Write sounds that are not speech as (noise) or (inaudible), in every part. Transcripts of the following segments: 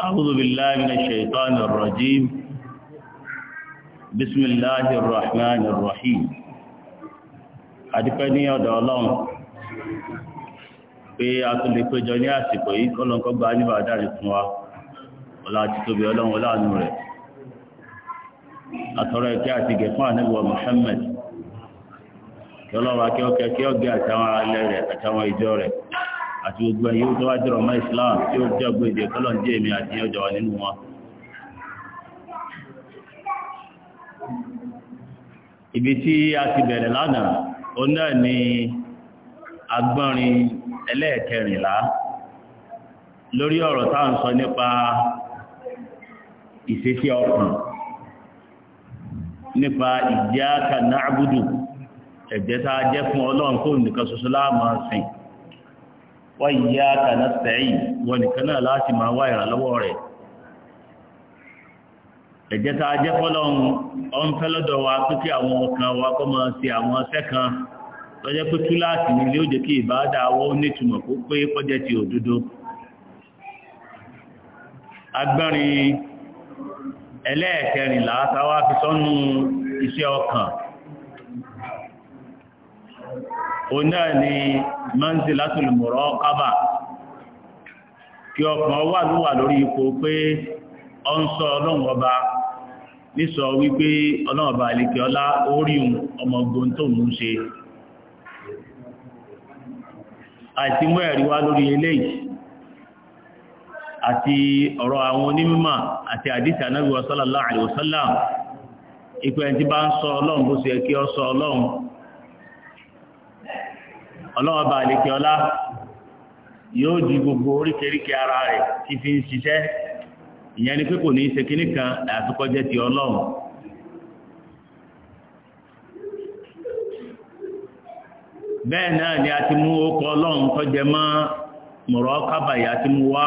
أعوذ بالله من الشيطان الرجيم بسم الله الرحمن الرحيم adúpẹ́ ní ọ̀dọ̀ ọlọ́run pé a tó lè péjọ ní àsìkò yìí kọ́lọ́nkọ́ gba ní bàdáre fún wa ọlá ti tóbi ọlọ́run ọláàánú rẹ̀ àtọrọ ẹ̀kẹ́ àti gẹ̀ fún àníwọ̀ Muhammad kí ọlọ́run akẹ́ọ̀kẹ́ kí ọ̀gẹ́ àtàwọn alẹ́ rẹ̀ àtàwọn ìjọ rẹ̀ àti gbogbo ẹ̀yẹ tó jẹ́rọ Islam tí ó jẹ́ ọgbọ́ èdè kọ́lọ̀ jẹ́ èmi àti ọjọ́ wà nínú wọn. ibi tí a ti bẹ̀rẹ̀ lánàá ó náà ni agbọ́nrin ẹlẹ́ẹ̀kẹrìnlá lórí ọ̀rọ̀ tá ń sọ nípa ìṣesí ọkùn nípa wa iyyaka nasta'in wọn nìkan náà láti máa wá ìrànlọ́wọ́ rẹ̀ ẹ̀jẹ̀ tá a jẹ́ fọ́lọ́run ọ̀n fẹ́ lọ́dọ̀ wa pé kí àwọn ọkàn wa kọ́ máa ṣe àwọn ọṣẹ́ kan tọ́jẹ́ pé kíláàsì ni yóò jẹ́ kí ìbáadà wọ́n ó nítumọ̀ kó pé kọ́jẹ́ ti òdodo agbárin ẹlẹ́ẹ̀kẹrìnlá táwa fi sọ́nù iṣẹ́ ọkàn òun náà ni manzilatul muraqaba kí ọkàn wà ló lórí ipò pé ọ ń sọ ọlọ́run ọba nísọ wípé ọlọ́run ọba àlekè ọlá oríhun ọmọ ogun tó ń ṣe àti mú ẹ̀rí wá lórí eléyìí àti ọ̀rọ̀ àwọn onímọ̀ àti àdìsí anábìwọ̀ sallallahu alaihi wasallam ìpẹ́ntí bá ń sọ ọlọ́run bó ṣe ọlọ́wọ́ bá ọla ọlá yóò di gbogbo oríkèríkè ara rẹ̀ ti fi ń ṣiṣẹ́ ìyẹn ni pé kò ní ṣe kínní kan àtúkọ́jẹ́ ti ọlọ́run bẹ́ẹ̀ náà ni a ti mú ókọ ọlọ́run tọ́jẹ mọ́ mọ̀rọ̀ kábàyà àti mú wá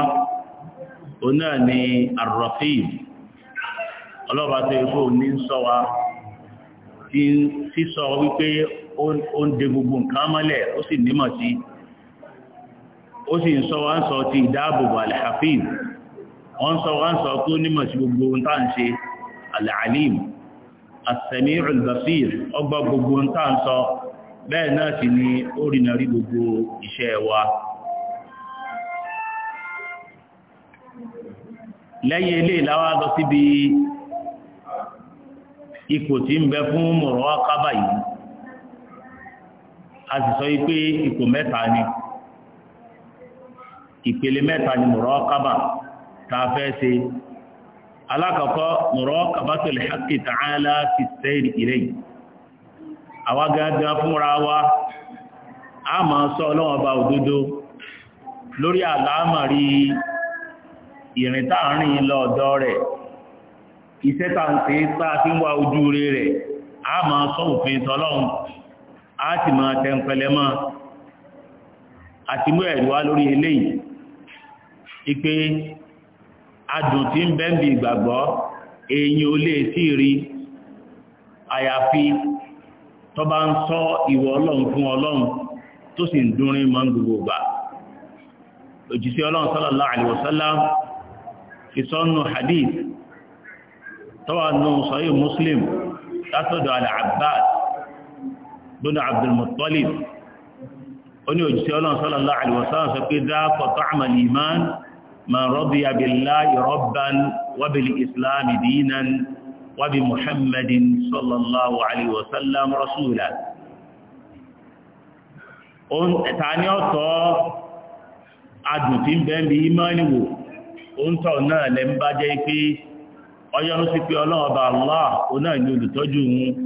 ni tó ó ń de gbogbo nǹkan mọ́lẹ̀ ó sì nímọ̀ sí ó sì ń sọ wá ń sọ ti ìdáàbòbò alhafin ó ń sọ wá ń sọ tó nímọ̀ sí gbogbo ohun tá ń ṣe ọgbà gbogbo ohun bẹ́ẹ̀ náà sì ni ó rìnà rí gbogbo iṣẹ́ wa lẹ́yìn ilé ìláwà lọ síbi ipò tí ń bẹ fún mọ̀rọ̀ kábà yìí a sì sọ pé ipò mẹ́ta ni ìpele mẹ́ta ni muraqaba tá a fẹ́ ṣe alákọ̀ọ́kọ́ muraqabatul haqqi ta'ala fi sẹ́ẹ̀rì ilayhi àwa gángan fúnra wa a ma sọ ọlọ́wọ́n ọba òdodo lórí àlámọ̀rí ìrìn táàrin lọ rẹ̀ iṣẹ́ tàǹtí tá fi ń wá ojú rẹ̀ a ma sọ òfin a ti máa tẹ́ǹpẹ̀lẹ́ máa àti mú ẹ̀rí wá lórí eléyìí ipe adùn tí ń bẹ́ǹbì ìgbàgbọ́ èyí ò lè sí rí àyàfi tó bá ń sọ ìwọ ọlọ́run fún ọlọ́run tó sì ń dúnrín mọ́ gbogbo gbà òjíṣẹ́ ọlọ́run sallallahu al-Abbas lọ́dọ̀ Abdulmuttalib ó ní òjíṣẹ́ ọlọ́run sallallahu alaihi wasallam sọ pé dáàkọ̀ ta'ama al-iman man radiya billahi rabban wa bil islami dinan wa bi muhammadin sallallahu alaihi wasallam rasula ta ni ọ̀tọ̀ adùn tí ń bẹ ń náà lẹ́ bá jẹ́ pé ọyọ́nú sí pé ọlọ́run ọba ó náà ní olùtọ́jú òun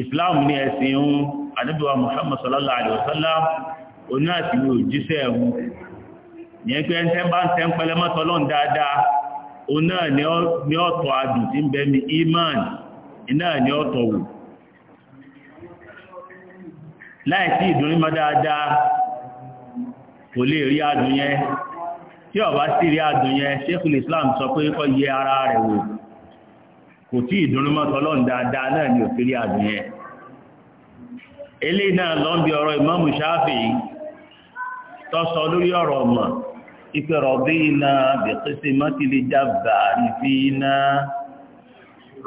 islam ni ẹ̀sìn ohun àdúgbò muhammad sallallahu alaihi wasallam oní àti ní òjíṣẹ́ ẹ̀hún ní ẹgbẹ́ ẹ̀ńtẹ́ bá ń tẹ́ ń pẹlẹ́ mọ́tọ́lọ́n dáadáa o náà ni ọ̀tọ̀ tí ń iman iná ni ọ̀tọ̀ wù. láìsí dáadáa kò lè rí adùn yẹn tí rí adùn Islam sọ pé kó yẹ ara rẹ̀ wò kò tí ìdúnnú mọ́ tọ́lọ́n dáadáa náà ni òkèrí àdúyẹ eléyìí náà lọ ń bi ọ̀rọ̀ ìmáàmù Ṣáfì tọ́sọ lórí ọ̀rọ̀ ọmọ ìpè rọ̀bìnà bìkísì mọ́tìlì jábà rìfínà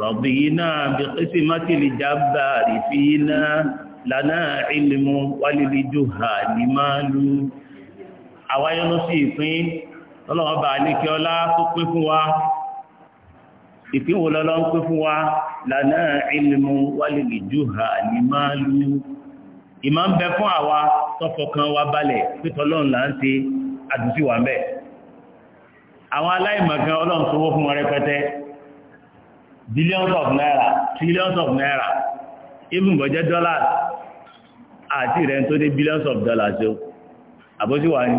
rọ̀bìnà bìkísì mọ́tìlì jábà rìfínà lànà ìlìmú wálìlì jùhà nímàlú àwáyọ́nù sí ìpín tọ́lọ́wọ́ bá ní kí ọlá tó pín fún wa ìpínwò lọ́lọ́ ń pé fún wa lànà ìlmù wálìlì jùhà ní máa lú ìmá ń bẹ fún àwa tọ́fọ̀kan wa balẹ̀ pẹ́tọ́ lọ́n là ń ṣe àdúsí wà mẹ́ àwọn aláìmọ̀kan ọlọ́run tó wó fún wọn rẹpẹtẹ billions of naira trillions of naira even bọ̀jẹ́ dollars àti rẹ̀ tó dé billions of dollars o àbọ́sí wà ní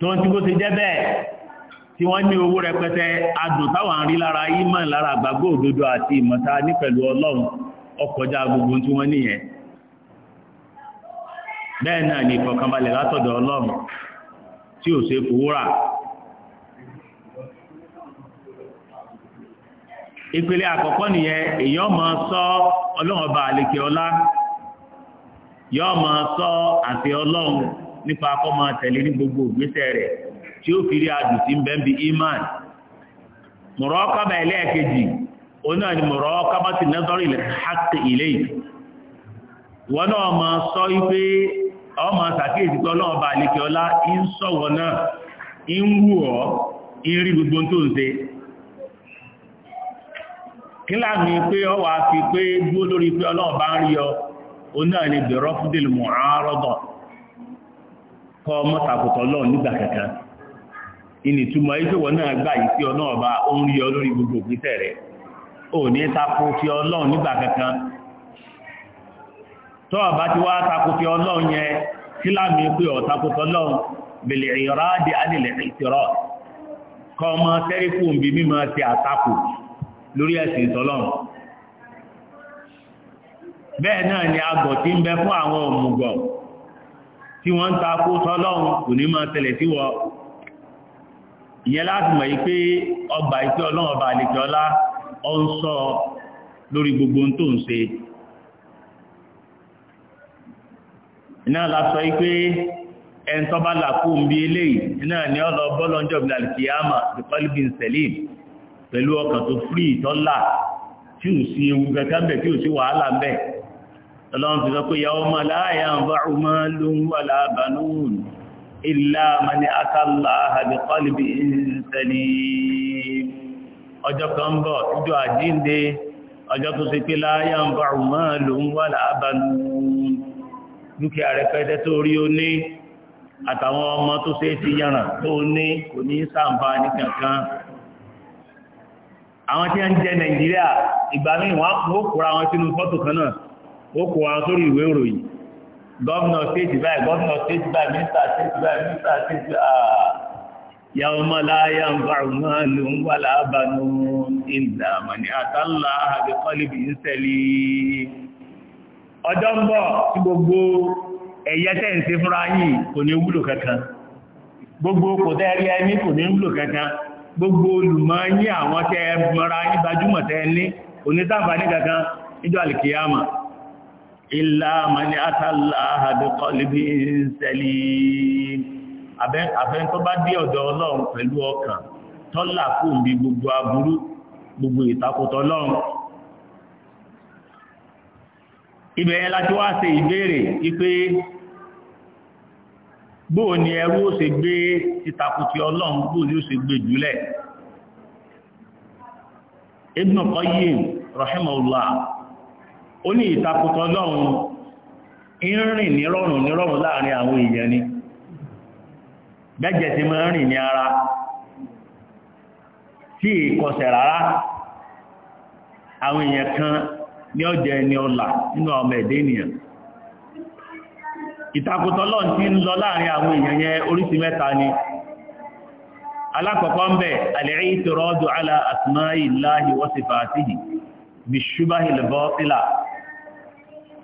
tó ń tí kó ti jẹ́ bẹ́ẹ̀ tí wọ́n ní owó rẹpẹtẹ adùn táwọn àrí lára ìmọ̀ lára àgbàgbọ́ òdodo àti ìmọ̀ta ní pẹ̀lú ọlọ́run ọkọjá gbogbo tí wọ́n níyẹn bẹ́ẹ̀ náà ni ìfọ̀kànbalẹ̀ látọ̀dọ̀ ọlọ́run tí ò ṣe fowó rà ìpele àkọ́kọ́ nìyẹn èyàn máa sọ ọlọ́run ọba àlekè ọlá yọ́ máa sọ àti ọlọ́run nípa akọ́ máa tẹ̀lé ní gbogbo ìgbésẹ̀ rẹ̀ tí ó fi rí adùn sí bẹ́ẹ̀bí iman mùrọ́kàbà ẹlẹ́ẹ̀kejì oná ni mùrọ́kàbà ti nẹ́tọ́rì hàkì ilé wọn náà ma sọ wípé ọmọ sàkíyèsí pé ọlọ́run bá àlekè ọlá ń sọ̀wọ́ náà ń wù ọ́ ń rí gbogbo tó ń ṣe kíláàmì pé ọ wà fi pé dúó lórí pé ń rí ọ oná ni bẹ̀rọ fúdèlì àárọ̀dọ̀ kọ́ ọmọ tàkùtọ̀ ìnìtumọ̀ wọn náà gbà yìí sí ọ̀nà ọba ó ń rí ọ gbogbo rẹ̀ ò ní tako fi ọlọ́run nígbà kankan tó ọba ti wá tako fi ọlọ́run yẹn síláàmì pé ọ̀tako bèlè ọmọ bí ti àtakò lórí ẹ̀sìn tọlọ́run bẹ́ẹ̀ náà ni ń bẹ fún àwọn òmùgọ̀ tí tako tọlọ́run kò ní máa ìyẹn láti mọ̀ yí pé ọgbà ìpé ọlọ́run ọba àlejò ọlá ọ ń sọ lórí gbogbo ohun tó ń ṣe iná la sọ yí pé ẹni tó bá là kó ń bí eléyìí iná ni ọ lọ bọ́ lọ́njọ́ bí alìkìyàmà ìlà mani akálà àbí kọlìbí ìsẹ̀lì ọjọ́ kan bọ̀ ìjọ àjínde ọjọ́ tó sì pé láyá ń bá ọmọ ló ń wà láàbánú dúkìá rẹpẹtẹ tó rí ó ní àtàwọn ọmọ tó ṣe é ti yànà tó ní kò ní sàǹfà ní kankan àwọn tí ń jẹ nàìjíríà ìgbà míì wọ́n kó kóra wọn sínú fọ́tò kan náà ó kó wọn sórí ìwé ìròyìn Gọvanọ stéètì báyìí gọ́vnà stéètì báyìí mínísítà stéètì báyìí mínísítà stéètì yàwó mọ́lá gbogbo ẹ̀yẹ tẹ́ǹsí fúnra kò ní kankan gbogbo ní àwọn tẹ́ mọ́ra gbajúmọ̀ tẹ́ ní ní kankan ìlà mani àtàláhà bí kọlìbí sẹ́lì àfẹ́n tó bá dé ọ̀dọ̀ ọlọ́run pẹ̀lú ọkàn tọ́lá fún bí gbogbo aburú gbogbo ìtakùtọ̀ ọlọ́run ibẹ̀ láti wá ṣe ìbéèrè ipé bóò ni ẹrú ó ṣe gbé ìtakùtì ọlọ́run bóò ni ó ṣe gbé jùlẹ̀ Ibn Qayyim rahimahullah ó ní ìtakùtọ̀ lọ́run ìrìn nírọ̀rùn nírọ̀rùn láàrin àwọn èèyàn ni bẹ́jẹ̀ ti mọ́ rìn ní ara tí ìkọsẹ̀ rárá àwọn èèyàn kan ní ọjọ́ ẹni ọlà nínú ọmọ ẹ̀dẹ́ ènìyàn ìtakùtọ̀ lọ́run ti ń lọ láàrin àwọn èèyàn yẹn oríṣi mẹ́ta ni alákọ̀ọ́kọ́ ń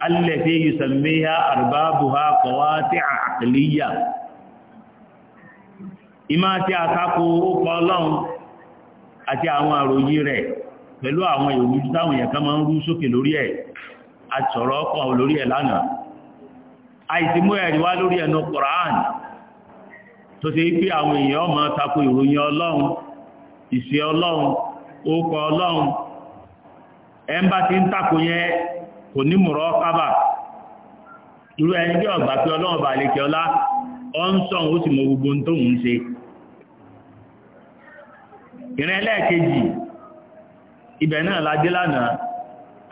allafi yusammiha arbabuha qawati'a aqliya ìmá tí a tako ókọ ọlọ́run àti àwọn àròyìn rẹ̀ pẹ̀lú àwọn ìròyìn kan ń rú sókè lórí ẹ̀ àtọ̀rọ̀ ọkọ̀ lórí ẹ̀ lánàá àìsímú ẹ̀rí wá lórí Qur'an tako kò ní mọ̀rọ̀ kábà irú ẹni bí ọ̀gbà tí ọlọ́run bá lè ọlá ọ ń sọ ó sì mọ gbogbo tó ń ṣe ìrìn ẹlẹ́ẹ̀kejì ibẹ̀ náà la dé lánàá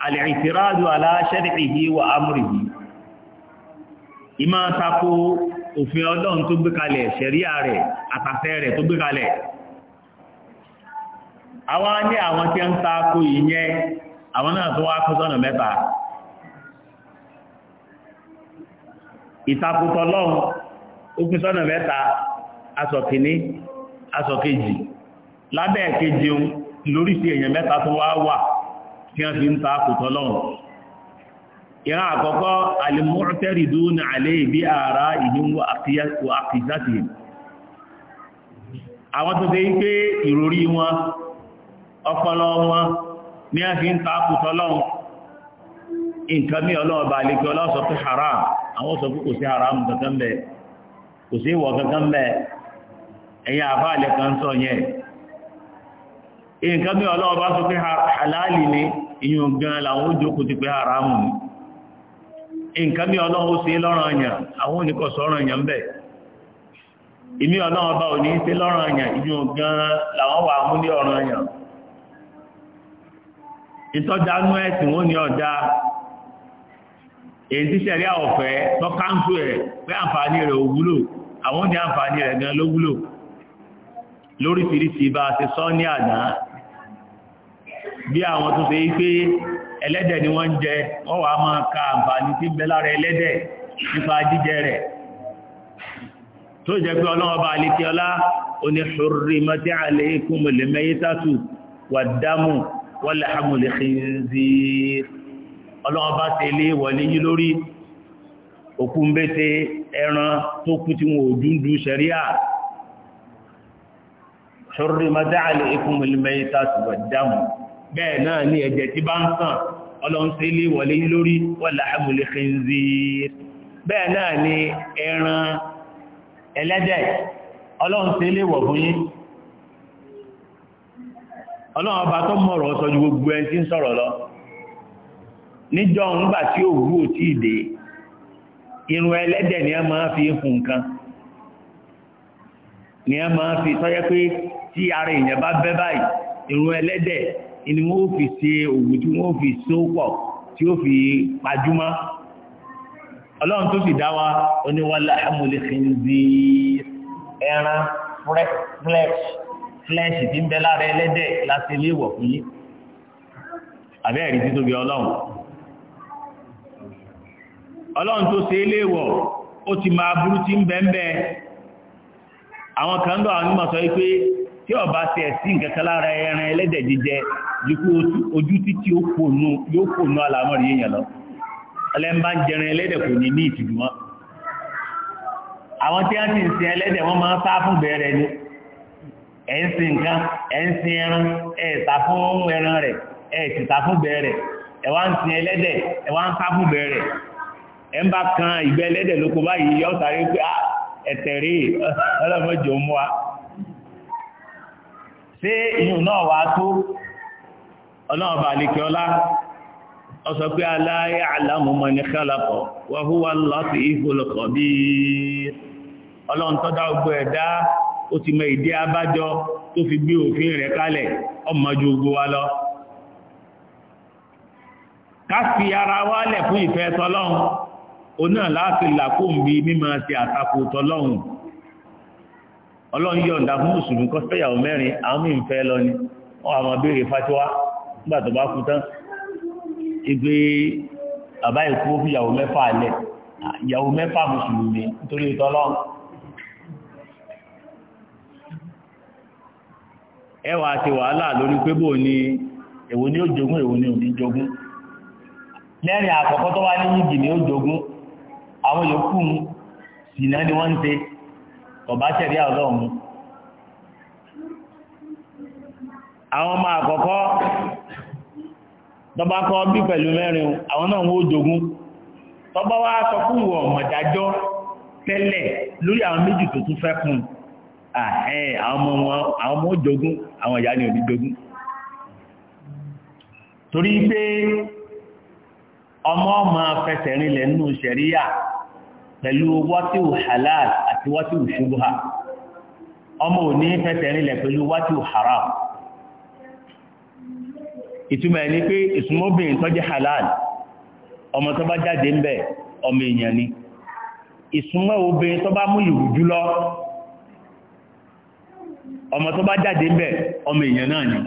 al-i'tiradu ala shar'ihi ìmá tako òfin ọlọ́run tó gbé kalẹ̀ ṣẹ̀ríà rẹ̀ àtàfẹ́ rẹ̀ tó gbé kalẹ̀ àwọn ní àwọn tí ń tako ìyẹn àwọn ìtakùtọ̀ lọ́hùn ó pín sọ́nà mẹ́ta aṣọ kìíní aṣọ kejì lábẹ́ kejì ohun lórí sí èèyàn mẹ́ta tó wá wà tí wọ́n fi ń ta àkùtọ̀ lọ́hùn ìran àkọ́kọ́ al wa aqiddatihim àwọn tó fẹ́ nǹkan mí ọlọ́ọ̀bá àlejò ọlọ́sọ pé haram àwọn sọ pé kò sí haram kankan bẹ́ẹ̀ kò sí ìwọ̀ kankan bẹ́ẹ̀ ẹ̀yìn àbáàlẹ̀ kan sọ yẹn nǹkan sọ halali ni ìyún gan làwọn ti pé haram ni mú ìtọ́jà ẹ̀sìn ni èyí tí sẹ̀rí àwọ̀fẹ́ tọ́káńtò ẹ̀ pé àǹfààní rẹ̀ ò wúlò àwọn ní àǹfààní rẹ̀ gan ló wúlò lóríṣiríṣi bá a ti sọ ní àná bí àwọn tó ṣe yí pé ẹlẹ́dẹ̀ ni wọ́n ń jẹ wọ́n wàá máa ka àǹfààní tí ń bẹ lára ẹlẹ́dẹ̀ nípa jíjẹ rẹ̀ tó jẹ́ pé ọlọ́wọ́ bá alẹ́ kí ọlá khinzir ọlọ́wọ́ bá ṣe lé wọlé yí lórí òkú ń bẹ́tẹ̀ ẹran tó kú tí wọn ò dúndú ṣẹ̀ríà ṣorrí madáàlì ikú mìlímẹ́ta ṣùgbọ́ dámù bẹ́ẹ̀ náà ní ẹ̀jẹ̀ tí bá ń sàn ọlọ́run ṣe lé wọlé yí lórí wọ́lá àmúlé khinzir bẹ́ẹ̀ náà ní ẹran ẹlẹ́dẹ̀ ọlọ́run ṣe lé wọ̀ fún yín ọlọ́run ọba tó mọ̀rọ̀ sọ ju gbogbo níjọ́ ńgbà tí òwú ò tí ìdè irun ẹlẹ́dẹ̀ ni a máa fi fún nǹkan ni a máa fi tọ́jẹ́ pé tí ara èèyàn bá bẹ́ báyìí irun ẹlẹ́dẹ̀ ni wọ́n fi ṣe òwú tí wọ́n fi sópọ̀ tí ó fi pajúmọ́ ọlọ́run tó sì dá wa oníwàlá amúlẹ̀kìnzí ẹran flesh tí ń bẹ lára ẹlẹ́dẹ̀ láti ilé ìwọ̀ fún yí àbẹ́ẹ̀rí títóbi ọlọ́run ọlọ́run tó ṣe léèwọ̀ ó ti máa burú tí ń bẹ́ẹ̀bẹ́ àwọn kan àwọn sọ wípé tí ọba si ẹ̀sìn kẹta lára ẹran ẹlẹ́dẹ̀ jíjẹ jùkú ojú títí yóò kò nú èèyàn lọ ẹlẹ́mbá ń ẹlẹ́dẹ̀ kò ní ní wọn ni ẹ̀ ń sin nǹkan ẹ̀ ń sin ẹran ẹ̀ sá fún ẹran rẹ̀ ẹ̀ sá fún bẹ̀rẹ̀ ẹ̀ wá ń sin ẹlẹ́dẹ̀ ẹ̀ wá ń sá fún bẹ̀rẹ̀ ẹ̀ ń bá kan ìgbẹ́ ẹlẹ́dẹ̀ lóko báyìí yọ sáré pé á ah, ẹ̀tẹ̀rí ọlọ́mọjọ mú wa ṣé inú náà wà tó ọlọ́ọ̀bà àlekè ọlá ọsọ pé aláyé àlámùmọ̀ ní kálàpọ̀ wọ́n lọ́sí ìfòlùkọ̀ bí ọlọ́run tọ́dá ẹ̀dá ó ti mọ ìdí abájọ tó fi gbé òfin rẹ̀ kalẹ̀ ọmọ ju wa lọ ká fi ara wálẹ̀ fún ìfẹ́ tọlọ́run oná láti làkóǹbi mímọ̀ ti àtakò tọlọ́hun ọlọ́run yọ̀ǹda fún mùsùlùmí kó fẹ́yàwó mẹ́rin àwọn míì ń fẹ́ lọ ni wọ́n àwọn fatiwa nígbà bá kú tán bàbá ìkú fún mẹ́fà alẹ́ àkọ́kọ́ tó wá ní ni àwọn yòókù sìnà ni wọ́n ń ṣe ọ̀bá ṣẹ̀rí àwọn ọmọ àkọ́kọ́ tọba kọ́ bí pẹ̀lú mẹ́rin àwọn náà wó jogún tọba wá sọ mọ̀dájọ́ tẹ́lẹ̀ lórí àwọn méjì tó tún fẹ́ àwọn ọmọ pẹ̀lú wáti halal àti wáti ṣubha ọmọ ò ní fẹsẹ̀ pẹ̀lú wáti haram ìtumọ̀ ní pé ìsúnmọ́bìnrin tó halal ọmọ tó bá jáde ń bẹ̀ ọmọ èèyàn ni ìsúnmọ́ obìnrin mú ìrù jùlọ ọmọ jáde ń bẹ̀ ọmọ èèyàn náà ni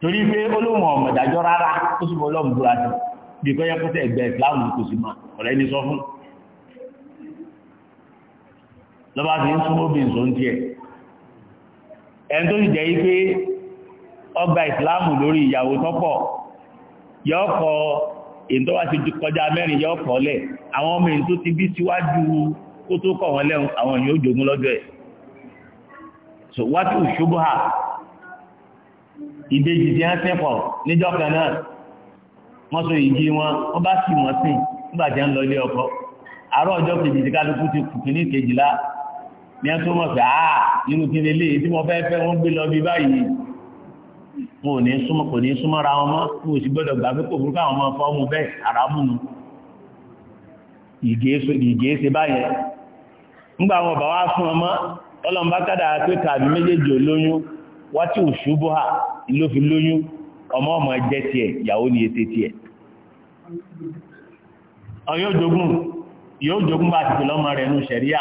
torí pé bí kọ́yá pẹ́sẹ̀ ẹgbẹ́ ìsìláàmù kò sí máa ọ̀rẹ́ ní sọ fún lọ́bá ti ń súnmọ́ bí nsọ́ ń tiẹ̀ ẹni tó sì jẹ́ yí pé ọgbà ìsìláàmù lórí ìyàwó tọ́pọ̀ yọ kọ èyí tó wá kọjá mẹ́rin yọ kọ lẹ̀ àwọn ọmọ èyí ti bí síwájú kó tó kọ̀ wọ́n lẹ́hùn àwọn èyí jogún lọ́jọ́ ẹ̀ so what is ṣubú ha ìdejì ti ń sẹ́pọ̀ níjọ́ kan náà wọ́n so ìdí wọn wọ́n bá sì wọ́n sìn nígbà tí ń lọ ilé ọkọ àárọ̀ ọjọ́ kejì tí kálukú ti kù kìíní kejìlá ní ẹ tó mọ̀ sí àá irú kí ni léyìí tí mo fẹ́ fẹ́ wọ́n gbé lọ bí báyìí wọn ò ní súnmọ́ kò ní súnmọ́ ra wọn mọ́ wọn ò sì gbọ́dọ̀ gbà pé kò burúkú àwọn ọmọ fọ́ ọmọ bẹ́ẹ̀ àràmù nu ìgé báyẹn nígbà wọn bá wá fún ọmọ ọlọ́mbá kádà pé tàbí méjèèjì olóyún wá tí ò ṣubú hà ló fi lóyún ọmọ ọmọ jẹ́ tiẹ̀ ìyàwó ni ètè tiẹ̀ ọ̀yọ́ jogun yóò jogun bá ti lọ́mọ rẹ̀ nù ṣẹ̀ríà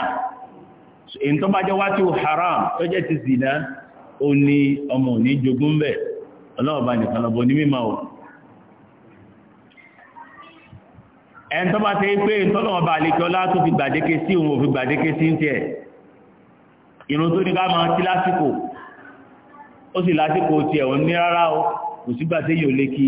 èyí tó bá jẹ́ wá tí ó haram tó jẹ́ ti zìnà ó ní ọmọ òní jogun bẹ̀ ọlọ́ọ̀bá nìkan lọ́bọ̀ ní mímọ̀ ò ẹn tó bá tẹ́ pé ìtọ́lọ̀ọ̀bá àlejò ọlá tó fi gbàdéke sí òun ò fi gbàdéke sí ń tiẹ̀ ìrun tó ní ká máa kí lásìkò ó sì lásìkò tiẹ̀ òun ní o kò sígbà tí yóò lé kí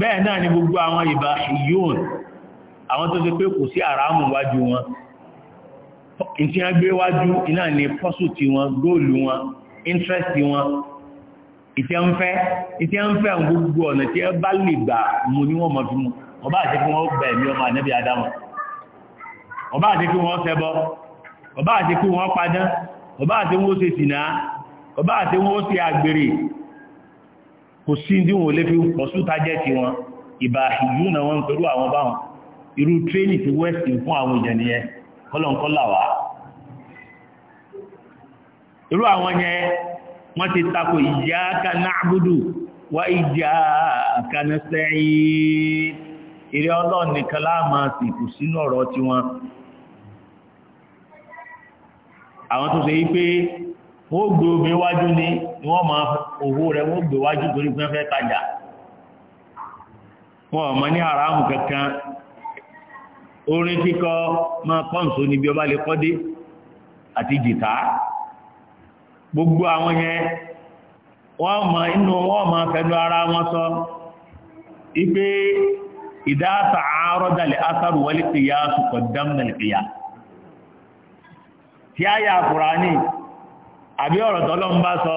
bẹ́ẹ̀ náà ni gbogbo àwọn ìbá yóòn àwọn tó ṣe pé kò sí àràmù wájú wọn ìtí wọ́n gbé wájú ni pọ́sù ti wọn góòlù wọn interest wọn ìtí ń gbogbo ọ̀nà tí ẹ bá lè gbà mú ní wọ́n mọ̀ mú ọba àti kí wọ́n bẹ̀ ní ọmọ ànẹ́bí adámọ̀ ọba àti ọba àti kò sí ní wọn lè fi pọ̀sù ti wọn ìbà ìlú náà pẹ̀lú àwọn báwọn irú tréní ti west fún àwọn èèyàn nìyẹn irú àwọn yẹn wọ́n ti tako iyyaka na'budu wa iyyaka nasta'in ìrẹ́ ọlọ́run yí ni wọ́n máa owó rẹ̀ wọ́n gbé wájú torí fẹ́ tajà wọ́n ọmọ ní aráàmù kankan orin kíkọ máa pọ́ǹsó ni bí ọba lè àti jìtá gbogbo àwọn yẹn wọ́n ma fẹ́nu ara wọn sọ ipe ìdáta àárọ̀dàlẹ̀ asáru sùkọ̀ tí a yà Kùránì àbí ọ̀rọ̀ tọ́lọ́ bá sọ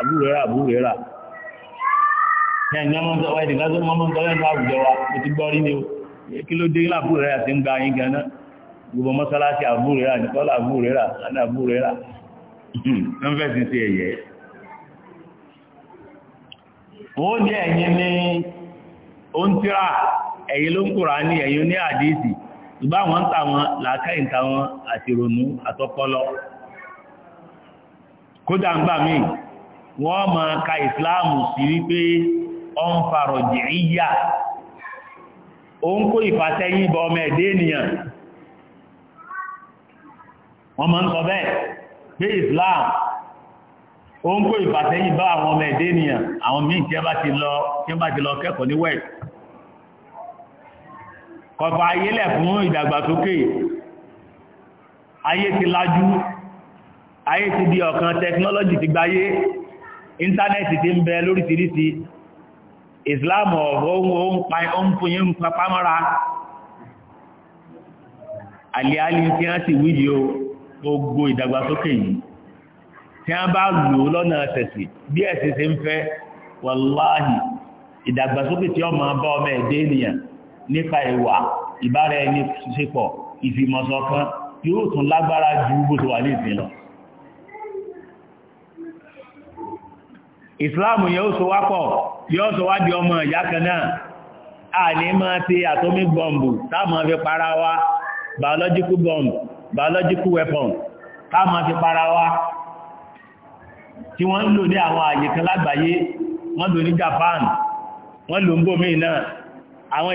àbúrẹ́rà àbúrẹ́rà ní ẹni ọmọ ọmọ ẹ̀dìnlá tó mọ́ mọ́ lẹ́nu àwùjọ wa mo ti gbọ́ rí ni o kí ló dé láàbúrẹ́rà ti ń gba yín ganan gbogbo mọ́sálásí àbúrẹ́rà nìkọ́lá àbúrẹ́rà àná àbúrẹ́rà ń fẹ́ sí sí ẹ̀yẹ wọ́n jẹ́ ẹ̀yin ní ó ń tíra ẹ̀yin ló ń Kùránì ẹ̀yin ní àdíìsì ìgbà wọn ń ta wọn làákàyìn ta wọn àti ìrònú àtọpọlọ kódà ń gbà míì wọ́n mọ̀ ka ìsìláàmù sí wípé ọ ń farọ̀ jìríyà ó ń kó ìfàsẹ́yìn bọ ọmọ ẹ̀dẹ́ ènìyàn wọ́n mọ̀ ń sọ bẹ́ẹ̀ pé islam ó ń kó ìfàsẹ́yìn bá àwọn ọmọ ẹ̀dẹ́ ènìyàn àwọn míì tí bá ti lọ tí bá ti lọ kẹ́kọ̀ọ́ ní west kọfà ayélẹ̀ fún ìdàgbàsókè ayé ti làjú ayé ti di ọ̀kan tẹkinọ́lọ́jì ti gbáyé íńtánẹ́ẹ̀tì ti ń bẹ lóríṣiríṣi islam ọ̀rọ̀ ohun oúnfòyín pàpámọ́ra àlìálì tí wọ́n sì wíjì o gbogbo ìdàgbàsókè yìí tí wọ́n bá lò lọ́nà ẹ̀sẹ̀sì bí ẹ̀sì ṣe ń fẹ́ wàláhì ìdàgbàsókè tí ọmọ bá ọmọ ẹ̀dẹ́ ènìyàn nípa ìwà ìbára ẹni ṣepọ̀ ìfìmọ̀ṣọ̀kan yóò tún lágbára ju gbogbo wà ní ìsìn lọ ìsìláàmù yẹn ó so wá pọ̀ yóò so ọmọ ìyá kan a àní máa ti atomic bomb táàmù fi para wa biological bomb biological weapon ma fi para wa tí wọ́n ń lò ní àwọn àyè lágbàáyé wọ́n lò ní Japan wọ́n lò ń náà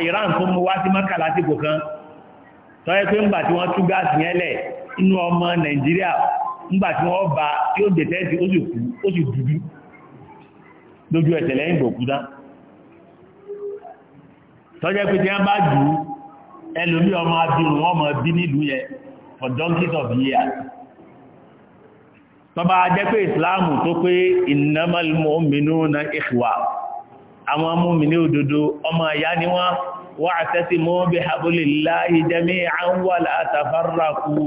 Iran tó mú wá sí mọ́kà kan tọ́yẹ́ pé ńgbà tí wọ́n tú gáàsì yẹn inú ọmọ Nàìjíríà ńgbà tí wọ́n bá tí ó lójú ẹsẹ̀ lẹ́yìn gbòkúdá tọ́jẹ́ pé tí bá jù ú ẹlòmí ọmọ abirùn ọmọ bí nílùú yẹn for donkeys of years tọba ajẹ́ pé ìsìláàmù tó pé innamal mu'minuna ikhwa àwọn mùmínì òdodo ọmọ ìyá ni wọ́n wa'tasimu bihablillahi jami'an wa la tafarraqu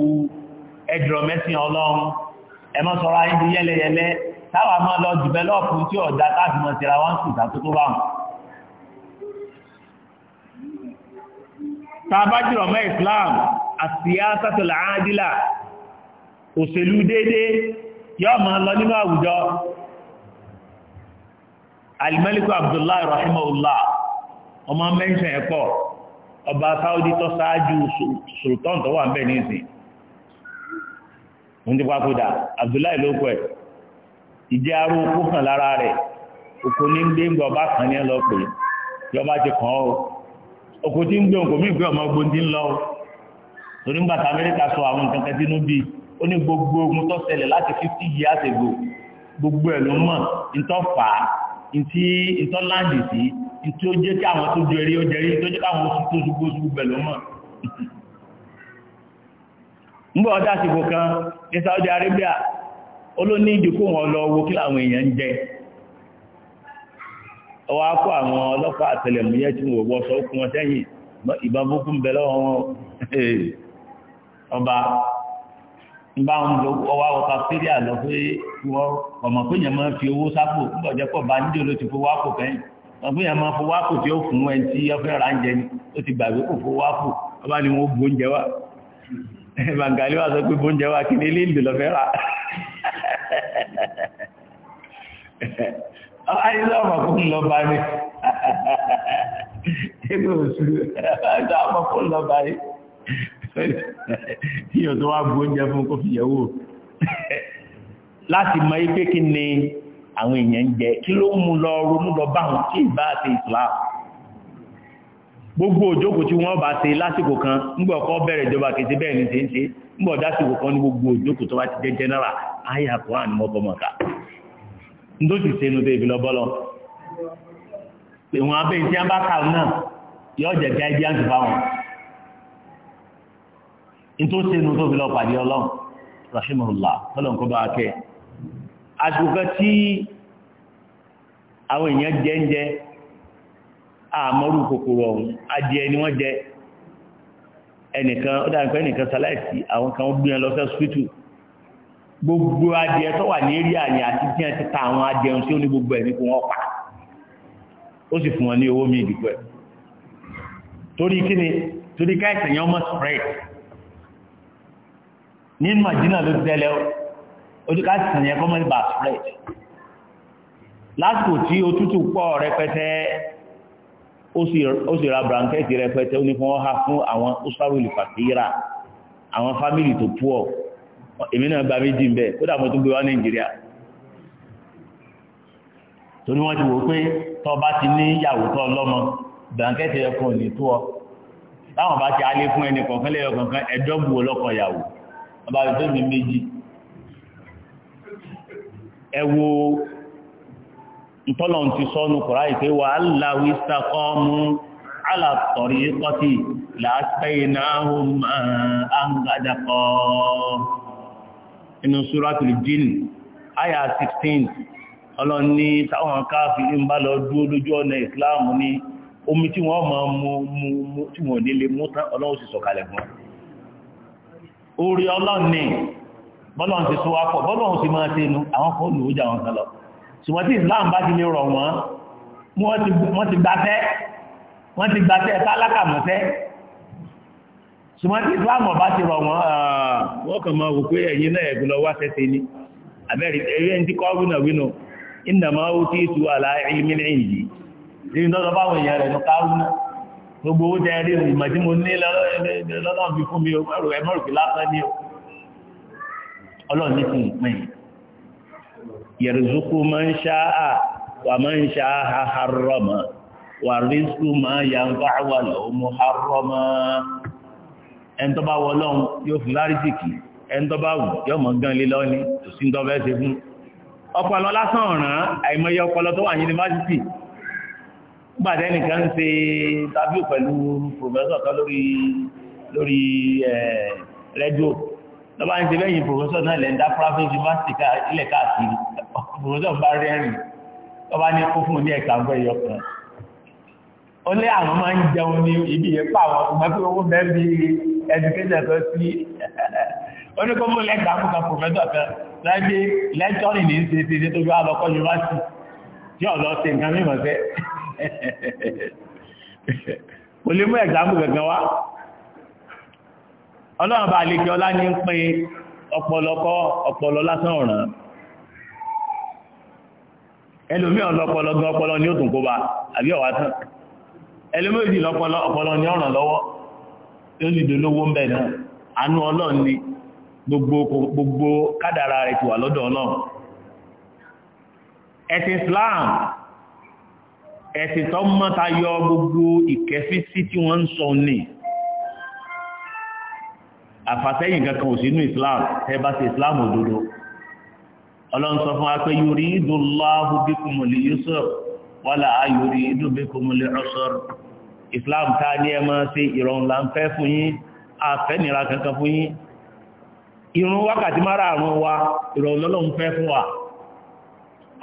ọlọ́run yẹ́lẹ́yẹ́lẹ́ táwa máa lọ dìbẹ́lọ́pù tí ọ̀dà káàdì mọ̀ síra wọn sì tàbí tó bá wọn. tá a bá jùlọ mọ́ Islam àsíyá sátọ̀lá ádìlà òṣèlú déédéé yóò máa lọ nínú àwùjọ alimẹ́líkù abdullahi rahimahullah ọmọ mẹ́ńsẹ̀ ẹ̀kọ́ ọba saudi tó ṣáájú sultan tó wà ń bẹ̀ ní ìsìn ń ti pákúdà abdullahi ló kọ ẹ̀ ìjẹ́ arú okú hàn lára rẹ̀ okú ní ń gbé ń gbọ́ bá kàn ní lọ pé yọba ti kàn ó okú tí ń gbé òkú mí gbé ọmọ gbòndín lọ torí ńgbà tí Amẹ́ríkà sọ àwọn nǹkan kan tínú bíi ó ní gbogbo ogun tó ṣẹlẹ̀ láti fifty years ago gbogbo ẹ̀ ló mọ̀ ntọ́ fà á ntí ntọ́ láǹdì sí ntí ó jẹ́ kí àwọn tó jẹrí ó jẹrí tó jẹ́ káwọn oṣù tó ṣubú ṣubú bẹ̀ ló mọ̀ ńgbà (laughs) ọ̀dà àsìkò kan ní Saudi Arabia olóní ìdíkò wọn lọ owó kí àwọn èèyàn ń jẹ ọwọ́ akọ àwọn ọlọ́pàá àtẹlẹmúyẹ́ tí wọ́n wọ́sọ ó kún wọn sẹ́yìn ìbọn búkú ń bẹ lọ́wọ́ wọn ọba ń bá ń lo ọwọ́ ọta síríà lọ pé wọ́n ọmọ pé yẹn máa fi owó sápò nígbà pọ̀ bá nídìí ló ti fowó kẹ́yìn ọmọ pé yẹn máa fowó àpò tí ó fún ẹni tí ọfẹ́ ra ń jẹ ni ó ti gbàgbé kò fowó àpò ọba ni wọ́n bu oúnjẹ wa bàǹgàlí sọ pé bu oúnjẹ kí ni ilé ìlú lọ́fẹ́ rà ayé lọ́mọ fún lọ́ba ni ẹgbẹ́ òṣù lọ́mọ fún lọ́ba ni yíò tó wá bu oúnjẹ fún kó fi yẹ̀wò láti mọ ipé kí ni àwọn èèyàn ń jẹ kí ló mú lọ ronú lọ báwọn tí ì àti Islam gbogbo òjókòó tí wọ́n bá ṣe lásìkò kan nígbà ọkọ̀ bẹ̀rẹ̀ ìjọba kìí ṣe bẹ́ẹ̀ ní ṣe ń ṣe nígbà ọ̀dásìkò kan ní gbogbo òjókòó tó bá ti jẹ́ general aya Quran ni wọ́n bọ́mọ̀ ká ní tó ti ṣe inú tó ìbílọ bọ́lọ ìwọ̀n abẹ́ tí a bá kà náà yóò jẹ́ guidance fáwọn ní àwọn èèyàn jẹ́ ń jẹ́ àmọ́rù kòkòrò ọ̀hún adìẹ ni wọ́n jẹ ẹnìkan ó dáa pé ẹnìkan sáláìsì àwọn kan gbé wọn lọ sí ọsibítù gbogbo adìẹ tó wà ní eré àní àti tí wọn ti ta àwọn adìẹ tí ó ní gbogbo ẹ̀mí kó wọn pa ó sì fún wọn ní owó mi ìdìpọ̀ ẹ̀ torí kí ni torí káìsàn yẹn ọmọ spread ní màjínà ló tẹ́lẹ̀ ojú káìsàn yẹn kọ́mọ́ bá spread lásìkò tí òtútù pọ̀ rẹpẹtẹ ó sì ra brankẹ́tì rẹpẹtẹ ó ní fún ọ́há fún àwọn ọ̀sáwìlì fàtíyìrà àwọn fámìlì tó pọ̀ èmi náà gba méjì ń bẹ̀ kódà mo tún gbé wá nàìjíríà tó ní wọ́n ti wò pé tọ́ bá ti ní ìyàwó tọ́ lọ́mọ brankẹ́tì ẹ̀kọ́ ò ní tó ọ táwọn bá ti alé fún ẹnì kọ̀ọ̀kan lẹ́yọ kọ̀ọ̀kan ẹjọ́ bù ọ lọ́kọ̀ ìyàwó ọba rẹ̀ ntọ́lọ̀ ti sọ́nu kọ̀rá ìpé wà láwí sàkọ́mú alàtọ̀rí kọ́tì láàpẹ́ ìnáhùn àǹgàdàkọ́ inú súratul jinn àyà 16 ọlọ́ni táwọn káàfì ń bá lọ dúó lójú ọ̀nà ìsìláàmù ní omi tí wọ́n máa mú mú tí wọ́n nílé mú tán ọlọ́run sì sọ̀kalẹ̀ fún orí ọlọ́ni ti sọ wápọ̀ bọ́lọ́run sì máa tẹnu àwọn kan wọn kan lọ ṣùgbọ́n tí Islam bá ti lè rọ̀ wọ́n wọ́n ti gbatẹ́ wọ́n ti gbatẹ́ tálákà mọ́tẹ́ ṣùgbọ́n tí Islam bá ti rọ̀ wọ́n wọ́n kàn máa wò pé ẹ̀yin náà ẹ̀gbọ́n lọ wá tẹ́tẹ́ ni abẹ́rẹ́ eré ẹni tí kọ́ wínà wínà ìnà máa ó tí tu àlà ìlmí ní ìyí lẹ́yìn tó lọ́bàá wọ̀nyẹn rẹ̀ ló kárú náà gbogbo owó tẹ́ rí ìmọ̀ tí mo ní lọ́nà fi fún mi ẹ̀mọ́rùkì lásán ní ọlọ́run ní ti ìpín yẹ̀rùzúkú máa ń ṣáà wà máa ń ṣáà harọ́mà wà rízkú máa ya ń bá wà lọ́mú harọ́mà ẹn tó bá wọ lọ́hun yóò fún lárísìkì ẹn tó bá wù yóò mọ̀ gan lé lọ́ní tó sí tó bẹ́ẹ̀ ṣe fún rẹ́díò lọ́ba ń ṣe bẹ́yìn pòfẹ́sọ̀ náà lẹ́ńdá private university ilẹ̀ káàkiri pòfẹ́sọ̀ bá rẹ́rìn lọ́ba ní kó fún un ní ẹ̀ka ọgbẹ́ ẹyọ kan ó lé àwọn máa ń jẹun ní ibi ìyẹ́pà àwọn ọmọdé owó bẹ́ẹ̀ bí education tó sí ó ní kó mú lẹ́gbàá fún kan pòfẹ́sọ̀ kan láti lẹ́tọ́rì ní ṣe ti ṣe tó gbá lọ́kọ́ yunifásitì tí ọlọ́run bá àlejò ọlá ní ń pè ọpọlọkọ ọpọlọ lásán ọ̀ràn ẹlòmí ọlọpọlọ gan ọpọlọ ni ó tún kó bá àbí ọ̀wá tán ẹlòmí òdì lọpọlọ ọpọlọ ni ọ̀ràn lọ́wọ́ tó sì dolówó ń bẹ̀ náà àánú ọlọ́run ni gbogbo kádàrà rẹ̀ ti wà lọ́dọ̀ ọlọ́run ẹ̀sìn Islam ẹ̀sìn tó mọ́ta yọ gbogbo ìkẹfí sí tí wọ́n ń sọ ní àfàsẹ́yìn kankan òsínú islam ẹbá sí islam òdodo ọlọ́run sọ fún wa pé yuridu Allahu bikumul yusr wala yuridu bikumul usr islam ta ní ẹ máa ṣe ìrọ̀rùn là ń fẹ́ fún yín àfẹ́nira kankan fún yín ìrun wákàtí mara àrùn wa ìrọ̀rùn lọ́lọ́run fẹ́ fún wa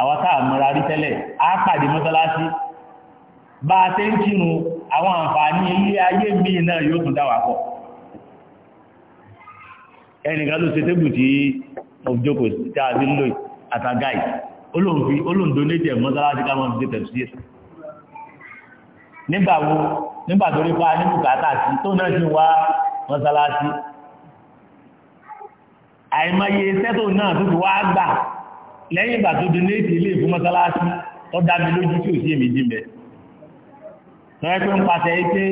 àwọn táà rí tẹ́lẹ̀ á mọ́sálásí bá a ṣe ń kírun àwọn àǹfààní ilé ayé míì náà yóò tún dáwà pọ̀ ẹnìkan ló ṣe tébù tí ọjọ́kò tí a ti ń lò àtàgáì olóǹfi olóǹdó méjì ẹ̀mọ́ sáláṣí ká máa fi ṣe tẹ̀sí ẹ̀ nígbà wo nígbà tó rí pa ní bùkátà sí tó náà ti wá mọ́sálásí àìmọye sẹ́tò náà tó ti wá gbà lẹ́yìn ìgbà tó donate ilé ìfún mọ́sálásí ó dá mi lójú tí ò sí èmi jí mẹ́ sọ́yẹ́ pé ń pàṣẹ pé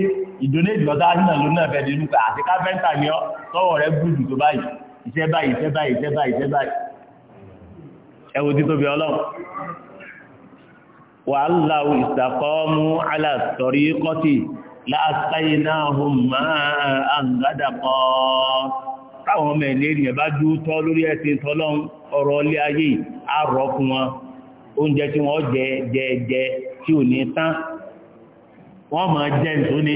ìdónéjì lọ́dá náà ló náà fẹ́ẹ́ dínú pé àti káfẹ́ńtà ni ọ́ tọ́wọ́ rẹ gbùdù tó báyìí iṣẹ́ báyìí iṣẹ́ báyìí iṣẹ́ báyìí iṣẹ́ báyìí ẹ wo ti tóbi ọlọ́run wàhálà ìsàkọ́mú alàtọ̀rí kọ́tì láàsáyé náà wọ́n máa jẹ nítorí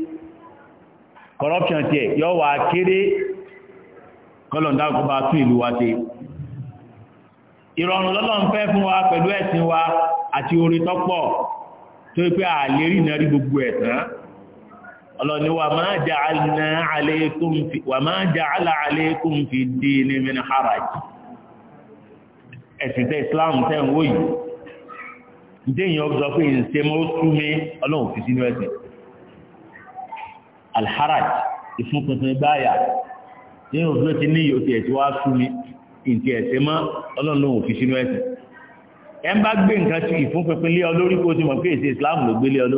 corruption tiẹ̀ yọ wà kéré kọlọ̀ndà kó bá tún ìlú wa ṣe ìrọ̀rùn lọ́lọ́run fẹ́ fún wa pẹ̀lú ẹ̀sìn wa àti orí tọ́pọ̀ tó pé àlérí náà rí gbogbo ẹ̀ tán ọlọ́ni wa máa jà àlà àlékún fi dí ní mìíràn haraj ẹ̀sìn tẹ́ Islam tẹ́ ń wòyí ní tí pé ìṣẹ́mọ́ súnmí ọlọ́run fi sínú ẹ̀sìn alharaj ìfúnkuntun báyà ní òfin ti ní òtí ẹ̀tí wá sú mi ẹ̀tí mọ́ ọlọ́run fi sínú ẹ ń bá gbé nǹkan tí ìfúnpinpin lé ọ kó o ti mọ̀ èsì islam ló gbé lé ọ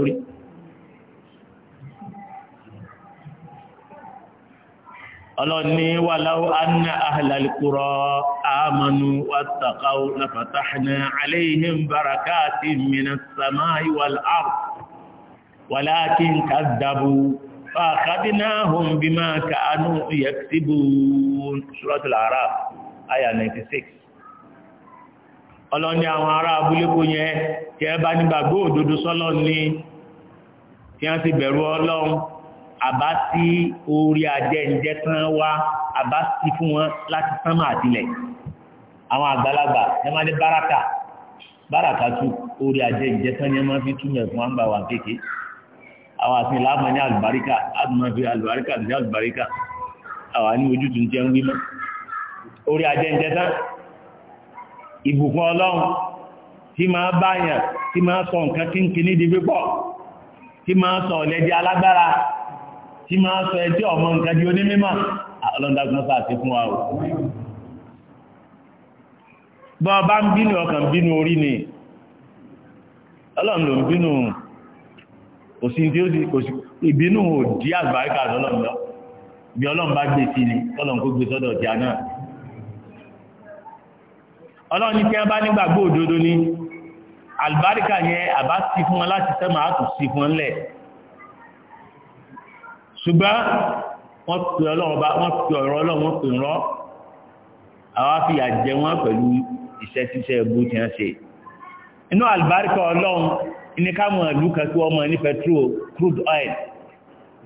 ọlọ́ni wà láwọ́ anna àmànú mìíràn fàkàdínáhùn bí máa kàánú yẹ̀kìtìbù Suratul Araf àyà 96 ọlọ́ni àwọn ará abúlékò yẹn tí ẹ bá nígbàgbọ́ òdodo sọ́lọ́ ní tí wọ́n ti bẹ̀rù ọlọ́run àbá tí orí ajẹ́ǹjẹ́ kan wá àbá sí fún wọn láti sánmà àtìlẹ̀ àwọn àgbàlagbà ẹ máa ní báràkà tún orí ajẹ́ǹjẹ́ kan ní ẹ fi túmọ̀ fún àgbà wà kéèkéé àwọn àti ìlàmọ̀ ní àlùbáríkà àdùnmọ̀ fi àlùbáríkà ní àlùbáríkà àwà ní ojútù ń jẹ́ ń wímọ́ orí ajẹ́jẹ́ tán ìbùkún ọlọ́run tí máa báyàn tí máa sọ nǹkan tí ń kì ní di pípọ̀ tí máa sọ ọ̀lẹ́dí alágbára tí máa sọ ẹjẹ́ ọmọ nǹkan di onímímọ̀ ọlọ́ndàgbọ́n sáàtì fún kò sí tí ó sì kò sí ìbínú òdí àgbáríkà lọ́lọ́run lọ bí ọlọ́run bá gbé sí ni ọlọ́run kó gbé sọ́dọ̀ ọ̀dí àná ọlọ́run ní kí wọ́n bá nígbàgbọ́ òdodo ni àlùbáríkà yẹn àbá sí fún wọn láti sẹ́mà á tún sí fún wọn ṣùgbọ́n wọ́n pe ọlọ́run ní káwọn ìlú kan tí wọ́n mọ̀ ní petrol crude oil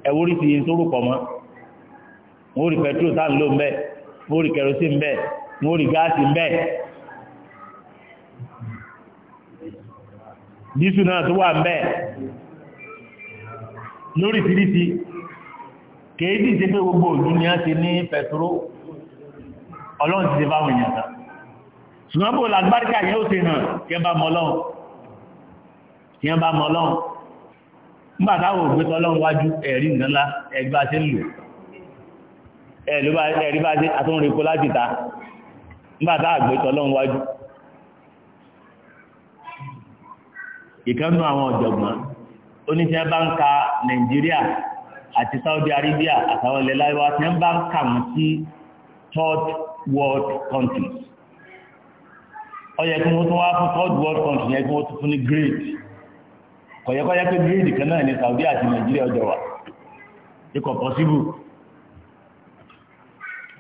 ẹ̀wọ́ rí ti tó rúpọ̀ mọ́ wọ́n rí petrol tá ń lò mbẹ́ wọ́n rí kerosene mbẹ́ wọ́n rí gáàsì mbẹ́ dísù náà tó wà mbẹ́ lórí tìrìsì kèédì tí pé gbogbo òlú ni a ti ní petrol ọlọ́run ti ti bá wọn yàtọ̀ ṣùgbọ́n bó làgbáríkà yóò ti hàn kẹ́ bá mọ́ tí wọ́n bá mọ ọlọ́run nígbà táwọn òpin tọ́lọ́run wájú ẹ̀rí nǹkan ńlá ẹ̀rí bá ṣe ń lò ẹ̀rí bá ṣe àtúnrin kó láti ta nígbà táwọn òpin tọ́lọ́run wájú ìkànnù àwọn ọ̀jọ̀gbọ́n oníṣẹ́ bá ń ka Nàìjíríà àti Saudi Arabia àtàwọn ilẹ̀ láìwá tí wọ́n bá ń kà wọ́n sí third world countries ó yẹ kí wọ́n tún wá fún third world countries yẹ kí wọ́n tún fún ní great kọ̀yẹ́kọ́yẹ́ pé bíríìdì kan náà ní Saudi àti Nàìjíríà ọjọ́ wà ikọ̀ pọ̀síbù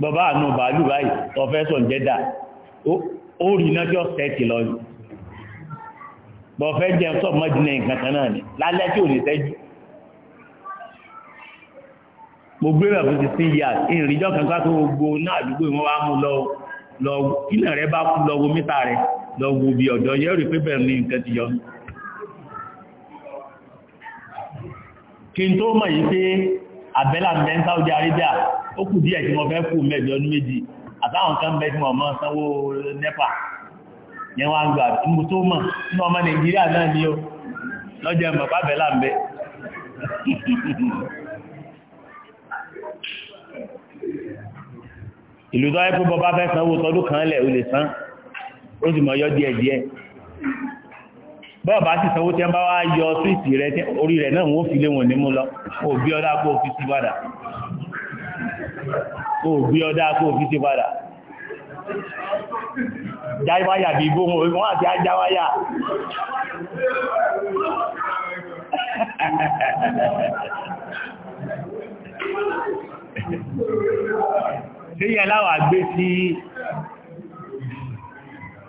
bàbá àánú bàálù báyìí tọ́fẹ́sọ̀ jẹ́dà ó rí iná tí ó sẹ́ẹ̀kì lọ ní bọ̀fẹ́ jẹun sọ mọ́jìnà nǹkan kan náà ni lálẹ́ tí ò ní sẹ́jú mo gbé rẹ̀ fún sixteen years ìrìnjọ́ kan ká tó gbogbo náà àdúgbò wọn wá mú lọ lọ kílẹ̀ bá lọ wo mítà rẹ lọ wo bí ọ̀dọ́ yẹ́rì pé ní nǹkan ti yọ kí n tó mọ̀ yí pé àbẹ́là ń bẹ ní Saudi Arabia ó kù díẹ̀ tí wọ́n fẹ́ kù mẹ́jọ ọdún méjì àtàwọn kan bẹ tí wọ́n mọ́ sanwó NEPA yẹn wá ń gbà tí mo tó mọ̀ nínú ọmọ Nàìjíríà náà ni ó lọ́jọ́ mọ̀ pábẹ́là ń bẹ ìlú tó ẹ́ pé bọ́ bá fẹ́ sanwó tọdún kan lẹ̀ ó lè san ó sì mọ̀ yọ díẹ̀díẹ̀ bọ́ọ̀bá sì sanwó tí wọ́n bá wá yọ síìtì rẹ orí rẹ̀ náà wọ́n fi lé wọn ní mú lọ òbí ọdá kó fi sí padà òbí ọdá kó fi sí padà jáwáyà bí igbó wọn wọ́n àti ajáwáyà (laughs) ṣíyẹ láwà gbé sí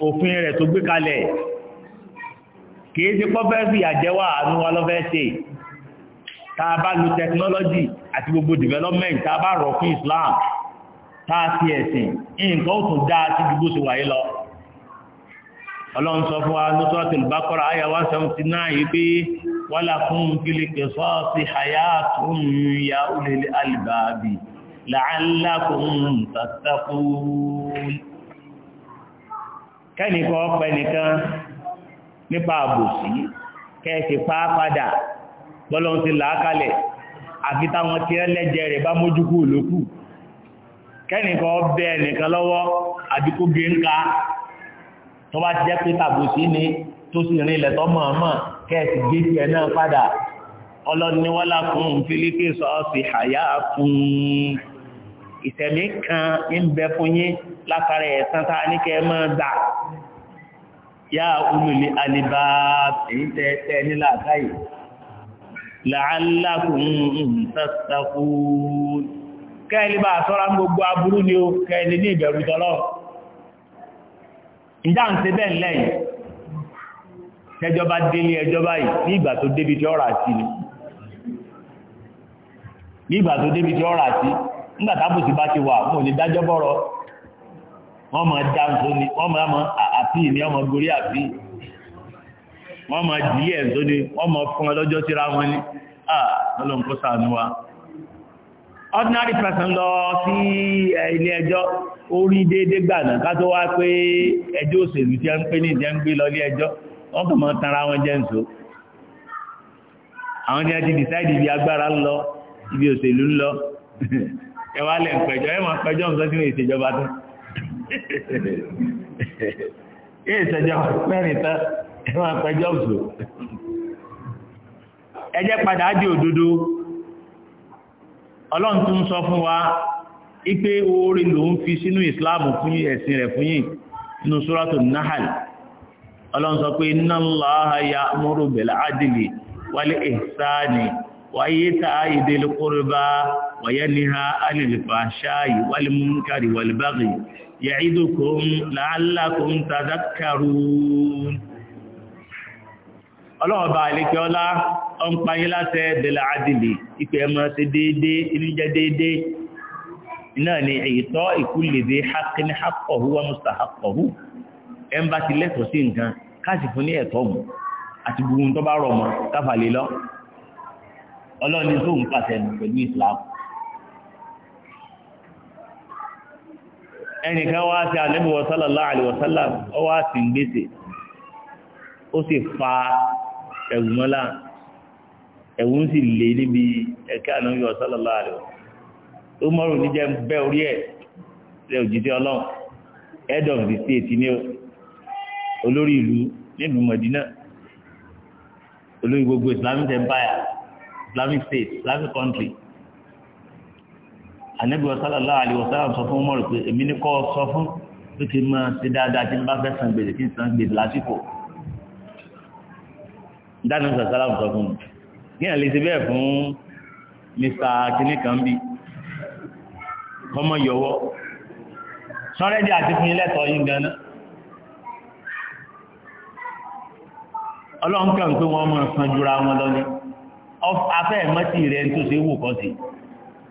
òfin rẹ̀ tó gbé kalẹ̀ kìí ṣe pọ́fẹ́ fìyà jẹ́wà àánú wa lọ́fẹ́ ṣe tá a bá lu technology àti gbogbo development tá a bá rọ̀ fún Islam tá a ẹ̀sìn nǹkan ó tún sí ju bó wáyé lọ ọlọ́run fún wa ní Suratul Baqara àyà 179 yìí pé walakum fil qisasi hayatun ya ulil albabi la'allakum tattaqun kẹ́nìkan ọpẹ nìkan nípa àbòsí kẹ́ẹ̀sì pàápàdà bọ́lọ́n ti làákalẹ̀ àfi táwọn tí ẹ lẹ́jẹ̀ rẹ̀ bá mójúkú lókù kẹ́nìkan ọbẹ̀ nìkan lọ́wọ́ àbíkó gé ń ka tó bá ti jẹ́ pé tàbòsí ni tó sì rìn ilẹ̀ tó mọ̀ọ́mọ̀ kẹ́ẹ̀sì gé tiẹ̀ náà padà ọlọ́niwọ́lá fún fílíkì sọ́ọ̀sì àyà kan ń bẹ fún yín látara ẹ̀sán tá ní kẹ́ máa gbà yá olùlé alibab èyí tẹ́ nílá àkáyì làálàkùn tàtàkù kẹ́ẹ̀lì bá sọ́ra gbogbo aburú ni ó kẹ́ẹ̀lì ní ìbẹ̀rù tọ́lọ́ ìjà ń bẹ́ẹ̀ lẹ́yìn tẹjọba délé ẹjọba yìí ní ìgbà tó débi tí sí nígbà tábùsí bá ti wà wọ́n máa ni ọmọ máa mọ àpì ni ọmọ gorí àpì wọ́n máa dì í ni ọmọ fún ọlọ́jọ́ síra wọn ni ọlọ́run kó ṣàánú wa. ordinary person lọ sí ilé ẹjọ́ orí déédéé gbànà ká tó wá pé ẹjọ́ òṣèlú tí ń pè lọ ẹjọ́ wọ́n tanra wọn jẹ́ àwọn a ti decide ibi agbára lọ ibi òṣèlú lọ (laughs) pẹjọ́ yìí ìṣẹ́jọ́ mẹ́rin tán ẹwà pẹjọ́ òṣù ẹjẹ́ padà di òdodo ọlọ́run tún sọ fún wa ipe oore lòun fi sínú ìsìláàmù fún ẹ̀sìn rẹ̀ fún yìí nínú sóràtò sọ pé يعدكم لعلكم تذكرون ọlọ́wọ́ bá ilékẹ́ ọlá ọ ń payé láti ẹ̀dẹ̀lẹ̀ àdìlì ìpẹ̀ ẹmọ sí déédé ìníjẹ́ déédé iná ni èyítọ́ ìkúlèdè hakini hakọ̀hu wa musta hakọ̀hu ẹnìkan wá sí Ànábì sallallahu alaihi wasallam ó wá sí ń gbèsè ó sì fa ẹ̀wù mọ́lá ẹ̀wù ń sì lè níbi ẹ̀kẹ́ Ànábì sallallahu alaihi wasallam ó mọ́rùn ní jẹ́ bẹ́ orí ẹ̀ lẹ́ òjíṣẹ́ ọlọ́run head of the state ní olórí ìlú nílùú Mọ̀dínà olórí gbogbo Islamic empire Islamic state Islamic country ànábì sallallahu alaihi wasallam sọ fún mọ́rù pé èmi ní kọ́ sọ fún pé kí n máa ṣe dáadáa tí n bá fẹ́ san gbèsè kí n san gbèsè lásìkò dáná sàṣàlá sọ fún mi kí ẹ̀ lè ṣe bẹ́ẹ̀ fún mr kìnnìkan bíi kọ́mọ yọwọ́ sọ́rẹ́dì àti fún ilẹ́tọ̀ yìí gana ọlọ́nkà ń pé wọ́n mọ̀ sàn jùra wọn lọ afẹ́ ẹ̀mọ́tì rẹ̀ tó ṣe wù kọ́ sí i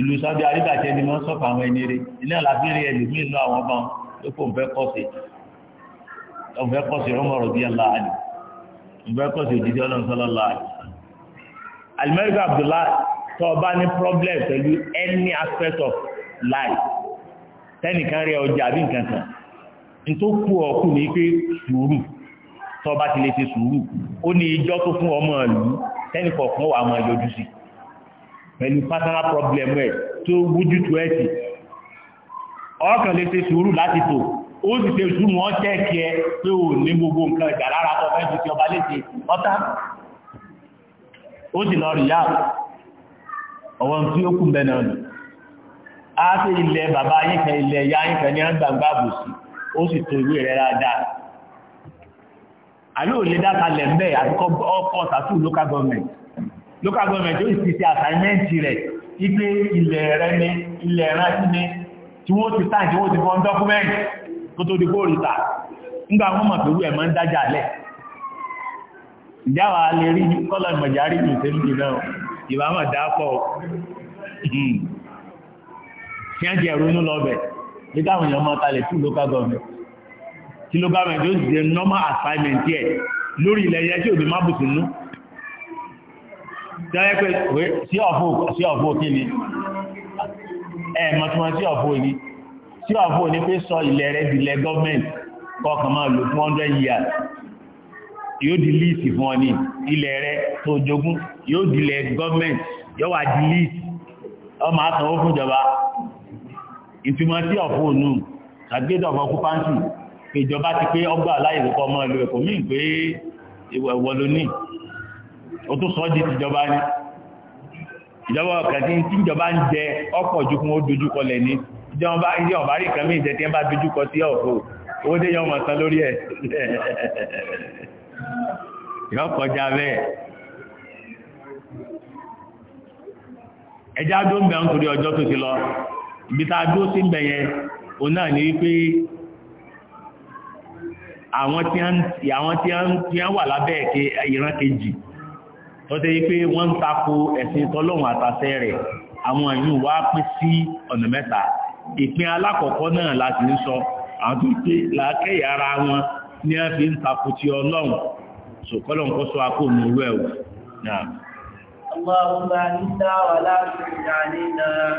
ìlú sọ́dí arígbàjẹ́ ni wọ́n sọ́fà àwọn ẹni rẹ̀ iná làbírí ẹlòmí inú àwọn ọba tó kó nfẹ́ kọ́sẹ̀ ọ̀fẹ́ kọ́sẹ̀ rọ́mọ̀rọ̀ bíi aláàlì nfẹ́ kọ́sẹ̀ òjijì ọlọ́nsọ́lọ́ láàlì. alimẹ́ríkà Abdullahi tó ọba ní problem pẹ̀lú any aspect of life tẹ́nìkan rẹ̀ ọjà àbí nǹkan kan nítorí kú ọkù ní pé sùúrù tó ọba ti lè ṣe sùúrù ó ní ìjọ tó fún ọmọ ìlú tẹ́nìkọ̀ọ̀kan wà máa yọjú sí i pẹ̀lú personal problem ẹ̀ tó wújú tó ẹ̀ sí ọkàn lè ṣe sùúrù láti tò ó sì ṣe sùúrù wọn tẹ́ẹ̀kì ẹ pé ò ní gbogbo nǹkan ìjà lára tó fẹ́ ju ti ọba léṣe ọ̀tá ó sì lọ rí yá ọwọ́ tí ó kú mẹ́nà nù á sí ilẹ̀ bàbá yínkẹ ilẹ̀ ya yínkẹ ní àgbàgbà bùsì ó sì tó ìwé rẹ̀ dáadáa àlóòlé dákalẹ̀ mẹ́ àti ọkọ̀ sàtúù local government local government ó sì ti àtàìmẹ́ǹtì rẹ̀ ipé ilẹ̀ rẹ̀ ní ilẹ̀ rántí ní tí wọ́n ti sáà tí wọ́n ti fọ́n dọ́kúmẹ́ǹtì tó tó di kóòrìta nígbà wọ́n mọ̀ pẹ̀lú ẹ̀mọ́ ń dájà lẹ̀ ìjáwà lè rí kọ́lọ̀ ìmọ̀járí ní ìṣẹ́lú náà ìbámọ̀ dápọ̀ tí wọ́n ti ẹ̀rọ inú lọ bẹ̀ ní káwọn èèyàn máa talẹ̀ local government tí local government ó sì ṣe normal assignment yẹ lórí ilẹ̀ yẹn tí òbí má bùsùn nú tẹ́rẹ́ pé sí ọ̀fọ́ kí ni ẹ̀mọ̀ tí wọ́n sí ọ̀fọ́ ní sí ọ̀fọ́ ní pé sọ ilẹ̀ rẹ̀ dìlẹ̀ gọ́ọ̀mẹ̀ntì kọkàn máa lò fún 100 years yóò di líìsì fún ọ ní ilẹ̀ rẹ̀ tó jogún yóò dìlẹ̀ gọ́ọ̀mẹ̀ntì yóò wà di líìsì ọmọ àtàwọ́ fún ìjọba ìtumọ̀ sí ọ̀fọ́ nù àgbédọ̀ ọ̀fọ́ kúpáǹtì ìjọba ti pé ọgbà aláìlú kọ́ mọ́ ìlú ẹ̀kọ́ míì pé ìwọ̀ lónìí o tó sọ́ọ́dì tìjọba ní ìjọba ọ̀kàtí tí ìjọba ń jẹ ọ̀pọ̀ ju fún ó dojúkọ lẹ̀ ní ìjọba ìjọba rí kan mí ìjẹ tí ń bá dojúkọ sí ọ̀pọ̀ owó dé yọmọ san lórí ẹ̀ (laughs) yọ kọjá bẹ́ẹ̀ ẹjá dó ń bẹ̀ ń torí ọjọ́ tó ti lọ ibi tá a dó sí ń bẹ̀ yẹn òun náà ní wípé àwọn tí wọ́n wà lábẹ́ ìran kejì tó tẹ́ pé wọ́n ń tako ẹ̀sìn tọ́lọ́run àtàṣẹ rẹ̀ àwọn ìyún wá pín sí ọ̀nà mẹ́ta ìpín alákọ̀ọ́kọ́ náà láti ń sọ àwọn tó pé làákẹ́yà ara wọn ní a fi ń tako ti ọlọ́run sòkọ́lọ̀ nǹkan sọ akó ní Allahumma inna wa la